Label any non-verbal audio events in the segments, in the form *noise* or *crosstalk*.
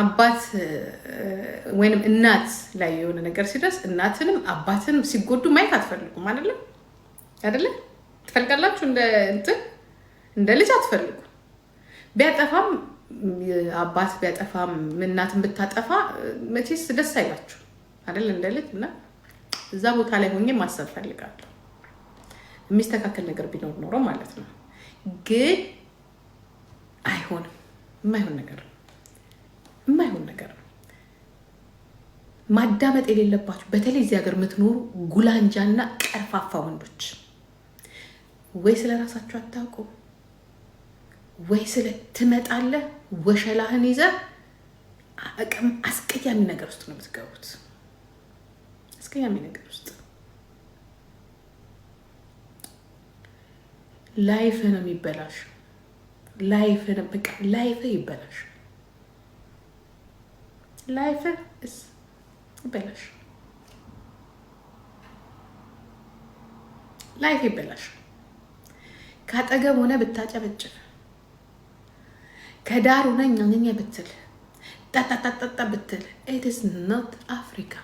አባት ወይም እናት ላይ የሆነ ነገር ሲደርስ እናትንም አባትንም ሲጎዱ ማየት አትፈልጉም። አይደለም አይደለም ትፈልጋላችሁ፣ እንደ እንትን እንደ ልጅ አትፈልጉ ቢያጠፋም አባት ቢያጠፋም እናትን ብታጠፋ መቼስ ደስ አይላችሁ አይደል? እንደ ልጅ እና እዛ ቦታ ላይ ሆኜ ማሰብ ፈልጋለሁ። የሚስተካከል ነገር ቢኖር ኖሮ ማለት ነው። ግን አይሆንም፣ የማይሆን ነገር ነው። የማይሆን ነገር ነው። ማዳመጥ የሌለባችሁ በተለይ እዚህ ሀገር የምትኖሩ ጉላንጃና ቀርፋፋ ወንዶች ወይ ስለ ራሳችሁ አታውቁ፣ ወይ ስለ ትመጣለህ ወሸላህን ይዘ አቅም አስቀያሚ ነገር ውስጥ ነው የምትገቡት። አስቀያሚ ነገር ውስጥ ላይፍ ነው የሚበላሽ። ላይፍ በቃ ላይፍ ይበላሽ። Life is ይበላሻል። ላይፍ ይበላሻል። ከአጠገብ ሆነ ብታጨበጭብ፣ ከዳር ሆነ እኛኛ ብትል፣ ጠጣጣጣጣ ብትል ኢት ኢዝ ኖት አፍሪካ።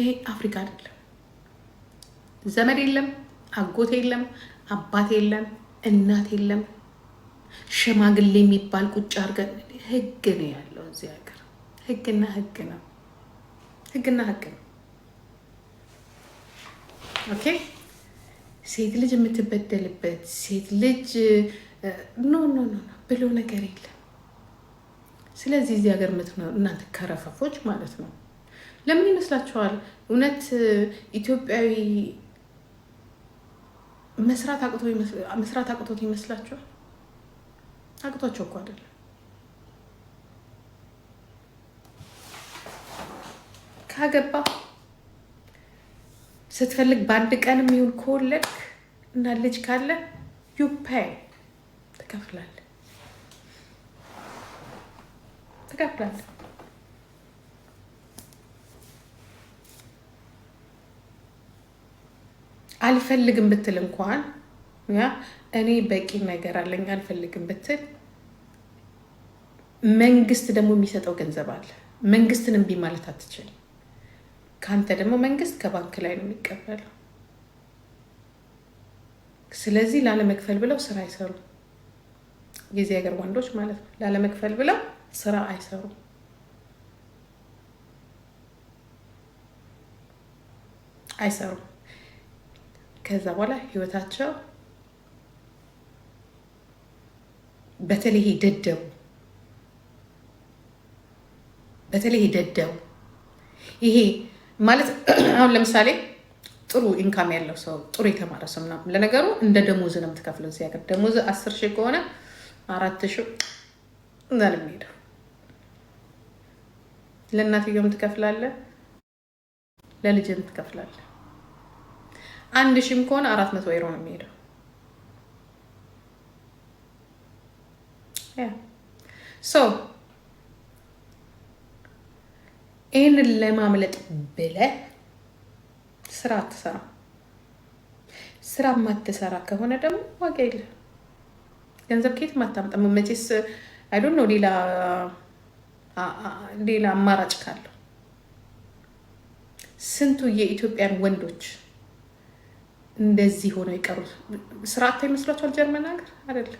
ይሄ አፍሪካ አይደለም። ዘመድ የለም፣ አጎት የለም፣ አባት የለም፣ እናት የለም፣ ሽማግሌ የሚባል ቁጭ አድርገን ህግ ነው ያለው እዚህ ሀገር። ህግና ህግ ነው፣ ህግና ህግ ነው። ኦኬ ሴት ልጅ የምትበደልበት ሴት ልጅ ኖ ኖ ኖ ብሎ ነገር የለም። ስለዚህ እዚህ ሀገር የምትኖሩ እናንተ ከረፈፎች ማለት ነው። ለምን ይመስላችኋል? እውነት ኢትዮጵያዊ መስራት አቅቶት ይመስላችኋል? አቅቷቸው እኮ አይደለም። ካገባ ስትፈልግ በአንድ ቀንም ይሁን ከወለድክ እና ልጅ ካለ ዩፓይ ትከፍላለህ ትከፍላለህ። አልፈልግም ብትል እንኳን ያ እኔ በቂ ነገር አለኝ አልፈልግም ብትል መንግስት ደግሞ የሚሰጠው ገንዘብ አለ። መንግስትን እምቢ ማለት አትችልም። ከአንተ ደግሞ መንግስት ከባንክ ላይ ነው የሚቀበለው። ስለዚህ ላለመክፈል ብለው ስራ አይሰሩ። የዚህ ሀገር ወንዶች ማለት ነው። ላለመክፈል ብለው ስራ አይሰሩ። አይሰሩም። ከዛ በኋላ ህይወታቸው በተለይ ደደቡ በተለይ ደደቡ ይሄ ማለት *clears throat* አሁን ለምሳሌ ጥሩ ኢንካም ያለው ሰው ጥሩ የተማረ ሰው ምናምን ለነገሩ እንደ ደሞዝ ነው የምትከፍለው። እዚህ ሀገር ደሞዝ አስር ሺህ ከሆነ አራት ሺህ እዛ ነው የሚሄደው። ለእናትየውም ትከፍላለህ፣ ለልጅም ትከፍላለህ። አንድ ሺህም ከሆነ አራት መቶ ዩሮ ነው የሚሄደው። ሶ ይህንን ለማምለጥ ብለ ስራ አትሰራ። ስራ ማትሰራ ከሆነ ደግሞ ዋጋ የለም። ገንዘብ ከየት ማታመጣ? መቼስ አይዶን ነው ሌላ ሌላ አማራጭ ካለው ስንቱ የኢትዮጵያን ወንዶች እንደዚህ ሆነው የቀሩት ስራ አጥተው ይመስሏቸዋል። ጀርመን ሀገር አይደለ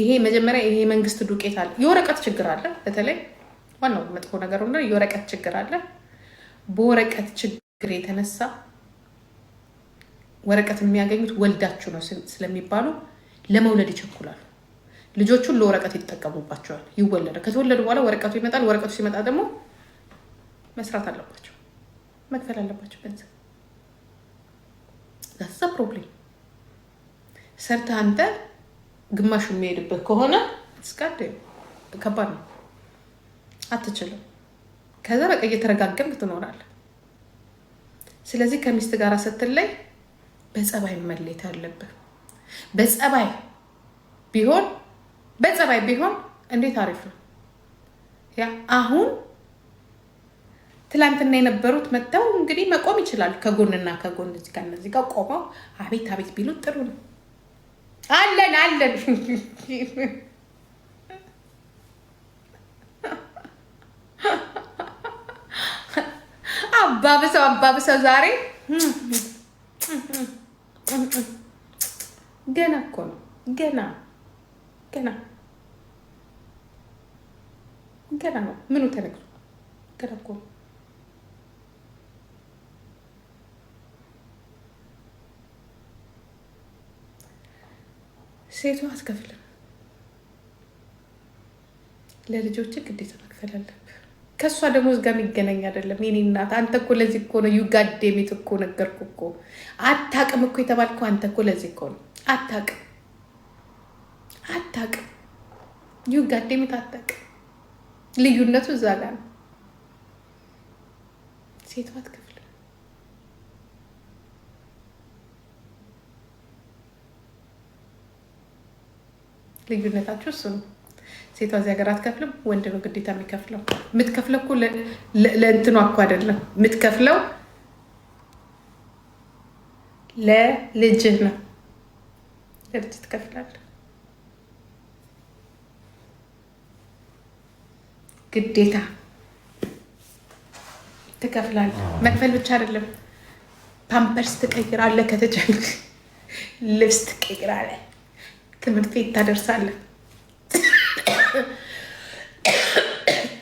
ይሄ መጀመሪያ ይሄ መንግስት ዱቄት አለ፣ የወረቀት ችግር አለ በተለይ ዋናው መጥፎ ነገር ሆነ የወረቀት ችግር አለ። በወረቀት ችግር የተነሳ ወረቀት የሚያገኙት ወልዳችሁ ነው ስለሚባሉ ለመውለድ ይቸኩላሉ። ልጆቹን ለወረቀት ይጠቀሙባቸዋል። ይወለዳል። ከተወለዱ በኋላ ወረቀቱ ይመጣል። ወረቀቱ ሲመጣ ደግሞ መስራት አለባቸው፣ መክፈል አለባቸው ገንዘብ። ዛዛ ፕሮብሌም ሰርተህ አንተ ግማሹ የሚሄድበት ከሆነ እስካደ ከባድ ነው። አትችልም። ከዛ በቃ እየተረጋገምክ ትኖራለህ። ስለዚህ ከሚስት ጋር ስትለይ በጸባይ መሌት አለብህ። በጸባይ ቢሆን በጸባይ ቢሆን እንዴት አሪፍ ነው። ያ አሁን ትላንትና የነበሩት መጥተው እንግዲህ መቆም ይችላሉ። ከጎንና ከጎን እዚህ ጋር እነዚህ ጋር ቆመው አቤት አቤት ቢሉት ጥሩ ነው። አለን አለን አባብሰው አባብሰው ዛሬ ገና እኮ ነው። ገና ገና ገና ነው። ምኑ ተነግሮ ገና እኮ ነው። ሴቷ አትከፍልም። ለልጆች ግዴታ መክፈል አለን። ከእሷ ደሞዝ ጋር የሚገናኝ አይደለም። የኔ እናት አንተ እኮ ለዚህ እኮ ነው ዩጋዴሚት እኮ ነገርኩ እኮ አታቅም እኮ የተባልኩ አንተ እኮ ለዚህ እኮ ነው አታቅም፣ አታቅም ዩጋዴሚት አታቅም። ልዩነቱ እዛ ጋር ነው። ሴቷ ክፍል ልዩነታችሁ እሱ ነው። ሴቷ እዚህ ሀገር አትከፍልም፣ ወንድ ነው ግዴታ የሚከፍለው። የምትከፍለው እኮ ለእንትኗ እኮ አይደለም የምትከፍለው ለልጅህ ነው። ለልጅ ትከፍላለህ። ግዴታ ትከፍላለህ። መክፈል ብቻ አይደለም፣ ፓምፐርስ ትቀይራለህ፣ ከተቻለ ልብስ ትቀይራለህ፣ ትምህርት ቤት ታደርሳለህ።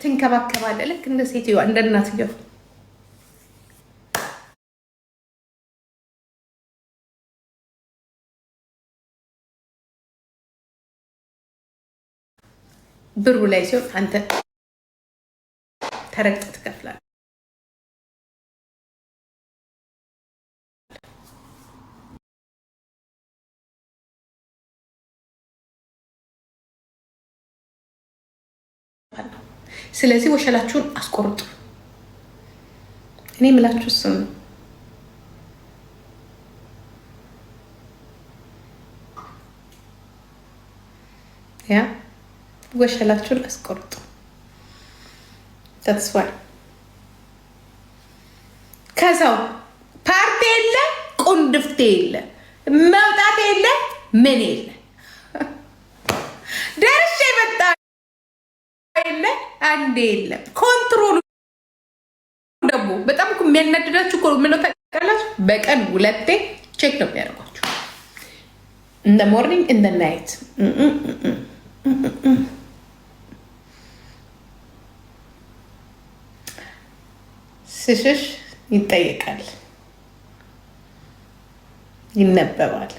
ትንከባከባለ ልክ እንደ ሴትዮዋ እንደ እናትየው ብሩ ላይ ሲሆን አንተ ተረግጠህ ትከፍላለህ። ስለዚህ ወሸላችሁን አስቆርጡ። እኔ የምላችሁ እሱን ነው። ያ ወሸላችሁን አስቆርጡ። ተስፋል ከሰው ፓርቲ የለ ቁንድፍቴ የለ መውጣት የለ ምን የለ ደርሼ መጣ አለ፣ አንድ የለም። ኮንትሮሉ ደግሞ በጣም የሚያናድዳችሁ ታውቃላችሁ? በቀን ሁለቴ ቼክ ነው የሚያደርጓችሁ። እንደ ሞርኒንግ እንደ ናይት ስሽሽ ይጠየቃል፣ ይነበባል።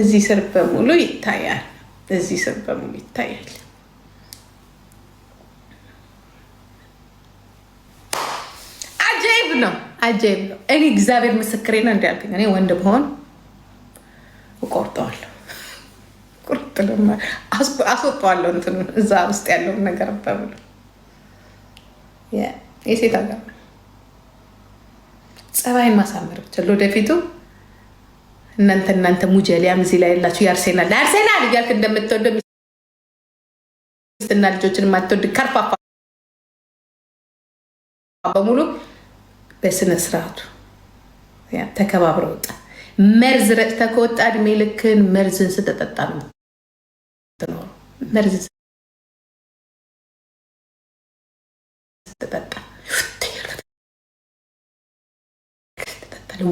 እዚህ ስር በሙሉ ይታያል። እዚህ ስር በሙሉ ይታያል። ምንድን ነው አጀ ነው። እኔ እግዚአብሔር ምስክሬ ነው እንዳልከኝ እኔ ወንድ ብሆን እቆርጠዋለሁ፣ አስወጣዋለሁ እንትን እዛ ውስጥ ያለውን ነገር በሙሉ የሴት ሀገር ነው። ጸባይን ማሳመር ብቻል። ወደፊቱ እናንተ እናንተ ሙጀሊያም እዚህ ላይ ያላችሁ የአርሴናል አርሴናል እያልክ እንደምትወደ ሚስትና ልጆችን የማትወድ ከርፋፋ በሙሉ በስነ ስርዓቱ ተከባብረ ወጣ። መርዝ ረጭተ ከወጣ እድሜ ልክን መርዝን ስተጠጣ ነው መርዝ ስተጠጣ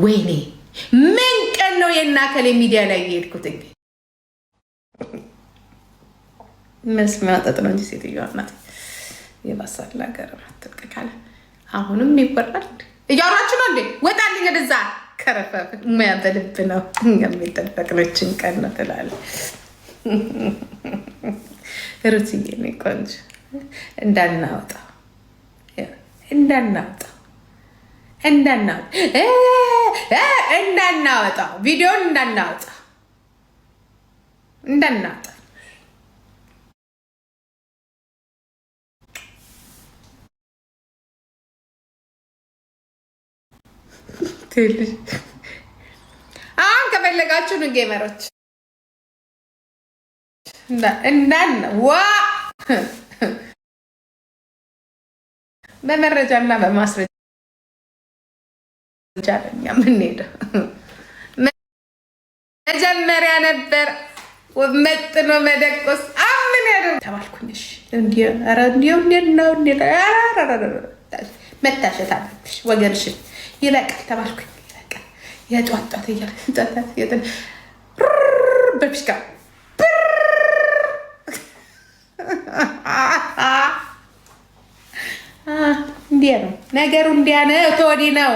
ወይኔ ምን ቀን ነው የእናከሌ ሚዲያ ላይ የሄድኩት? እንግዲህ መስመ መጠጥ ነው እንጂ ሴትዮዋ ናት የባሳላ ገር አትልቅ ካለ አሁንም ይወራል። እያወራችሁ ነው እንዴ? ወጣልኝ ወደዛ። ከረፈፍ ሙያ በልብ ነው የሚጠበቅነችን ቀን ነው ትላለህ *laughs* ሩትዬ። እኔ ቆንጆ እንዳናወጣው እንዳናወጣው እንዳናወጣው ቪዲዮን እንዳናወጣው እንዳናወጣው ትልጅ አሁን ከፈለጋችሁ ነው ጌመሮች እንዳን ዋ በመረጃና በማስረጃ ጃለኛ የምንሄደው መጀመሪያ ነበር መጥኖ መደቆስ አምን ያደር ተባልኩኝ። እንዲሁ ነው መታሸት አለብሽ ወገንሽን ይለቃል ተባልኩኝ። ይለቃል የጧጧት እያለ ጧጧት የጥን እንዲያ ነው ነገሩ። እንዲያ ነው። ተወዲህ ነው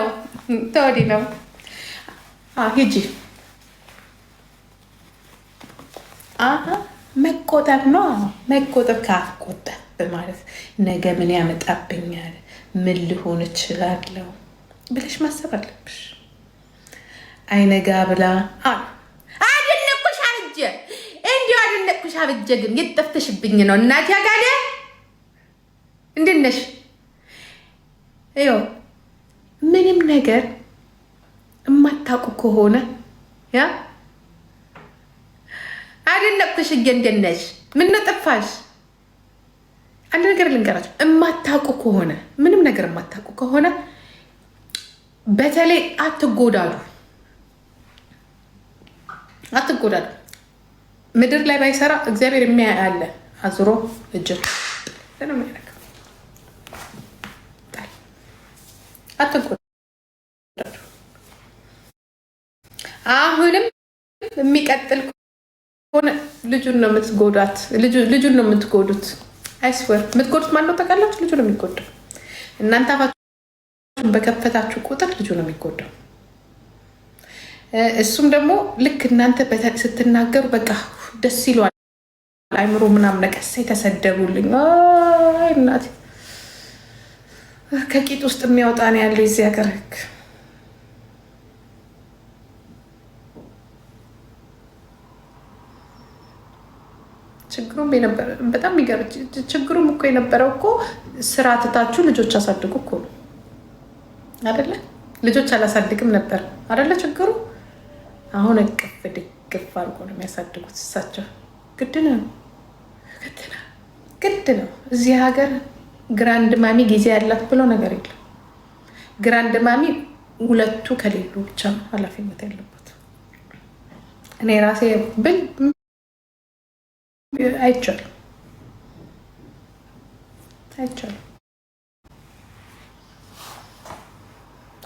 ተወዲ ነው። ሂጂ መቆጠብ ነው መቆጠብ። ካቆጠብ ማለት ነገ ምን ያመጣብኛል? ምን ልሆን እችላለሁ? ብለሽ ማሰብ አለብሽ። አይነጋ ብላ አድነኩሽ አብጀ እንዲሁ አድነኩሽ አብጀ። ግን የጠፍተሽብኝ ነው እናቴ አጋደ። እንድነሽ ዮ ምንም ነገር የማታውቁ ከሆነ ያ አድነኩሽ እጀ እንድነሽ ምን ምነው ጠፋሽ? አንድ ነገር ልንገራቸው የማታቁ ከሆነ ምንም ነገር የማታውቁ ከሆነ በተለይ አትጎዳዱ፣ አትጎዳዱ። ምድር ላይ ባይሰራ እግዚአብሔር የሚያይ አለ። አዝሮ እጅን አትጎዳዱ። አሁንም የሚቀጥል ሆነ ልጁን ነው የምትጎዳት፣ ልጁን ነው የምትጎዱት። አይስወር የምትጎዱት ማን ነው? ታውቃላችሁ? ልጁ ነው የሚጎዳው እናንተ በከፈታችሁ ቁጥር ልጁ ነው የሚጎዳው። እሱም ደግሞ ልክ እናንተ ስትናገሩ በቃ ደስ ይለዋል። አይምሮ ምናምን ነቀሳ የተሰደቡልኝ እናቴ ከቂጥ ውስጥ የሚያወጣ ነው ያለው የዚህ ሀገር ህግ። ችግሩም በጣም ችግሩም እኮ የነበረው እኮ ስራ ትታችሁ ልጆች አሳድጉ እኮ ነው። አደለ ልጆች አላሳድግም ነበር አደለ ችግሩ። አሁን እቅፍ ድግፍ አድርጎ ነው የሚያሳድጉት። እሳቸው ግድ ነው ግድ ነው። እዚህ ሀገር ግራንድ ማሚ ጊዜ ያላት ብሎ ነገር የለም። ግራንድ ማሚ ሁለቱ ከሌሉ ብቻ ነው ኃላፊነት ያለበት። እኔ ራሴ ብል አይቻልም አይቻልም።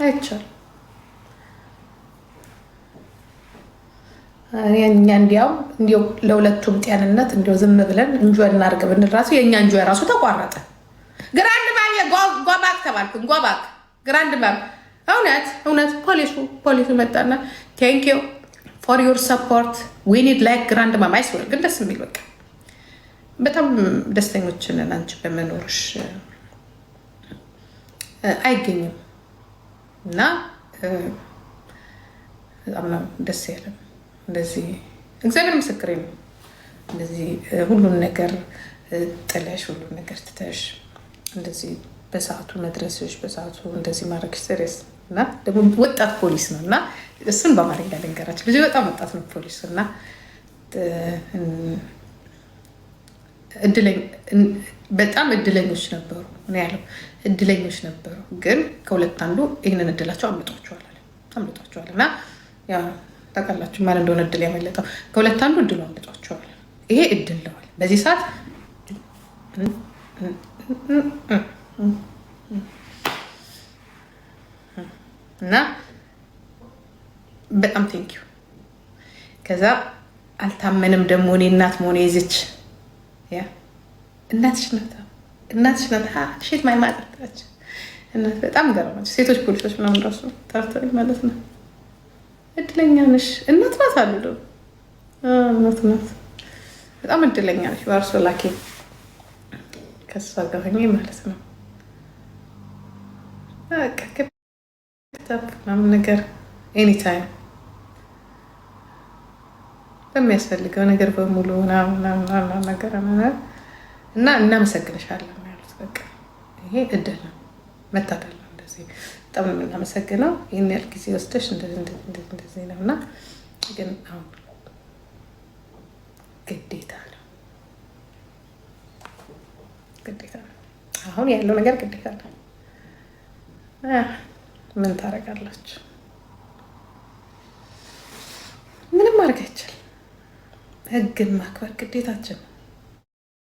አይቻልም። እኛ ለሁለቱም ጤንነት ዝም ብለን እንጆ እናድርግ ብንል እራሱ የእኛ እንጆ የራሱ ተቋረጠ። ግራንድ ማም ጓባክ ተባልኩኝ። ጓባክ ግራንድ ማም እውነት እውነት ፖሊሱ ፖሊሱ መጣና ቴንክ ዩ ፎር ዩር ሰፖርት ዊ ኒድ ላይክ ግራንድ ማም አይስወር ግን ደስ የሚል በቃ በጣም ደስተኞች ነን አንቺ በመኖርሽ አይገኝም እና በጣም ነው ደስ ያለም። እንደዚህ እግዚአብሔር ምስክሬ ነው። እንደዚህ ሁሉን ነገር ጥለሽ ሁሉን ነገር ትተሽ እንደዚህ በሰዓቱ መድረስሽ በሰዓቱ እንደዚህ ማድረግሽ ስሬስ እና ደግሞ ወጣት ፖሊስ ነው እና እሱን በአማርኛ ልንገራቸው ልጅ በጣም ወጣት ነው ፖሊስ እና በጣም እድለኞች ነበሩ ያለው እድለኞች ነበሩ። ግን ከሁለት አንዱ ይህንን እድላቸው አምልጧቸዋል አምልጧቸዋል እና ታውቃላችሁ ማን እንደሆነ እድል ያመለጠው ከሁለት አንዱ እድሉ አምልጧቸዋል። ይሄ እድል ለዋል በዚህ ሰዓት እና በጣም ቴንኪዩ። ከዛ አልታመንም ደግሞ እኔ እናት መሆኔ የዚች እናትሽ ናት እናትሽ ናት ሽት ማይ ማጠርታች እናት በጣም ገረማቸው። ሴቶች ፖሊሶች ምናምን ራሱ ጠርተው ማለት ነው። እድለኛ ነሽ እናት ናት አሉ ደ እናት ናት በጣም እድለኛ ነሽ። ባርሶ ላኪ ከሱ ጋር ማለት ነው ምናምን ነገር ኤኒታይም በሚያስፈልገው ነገር በሙሉ ምናምን ነገር እና እናመሰግንሻለን። ይሄ እድል ነው፣ መታደል ነው። እንደዚህ በጣም ነው የምናመሰግነው። ይህን ያህል ጊዜ ወስደሽ እንደዚህ ነው እና ግን አሁን ግዴታ ነው፣ ግዴታ ነው። አሁን ያለው ነገር ግዴታ ነው። ምን ታደርጋላችሁ? ምንም ማድረግ አይቻልም። ህግን ማክበር ግዴታችን ነው።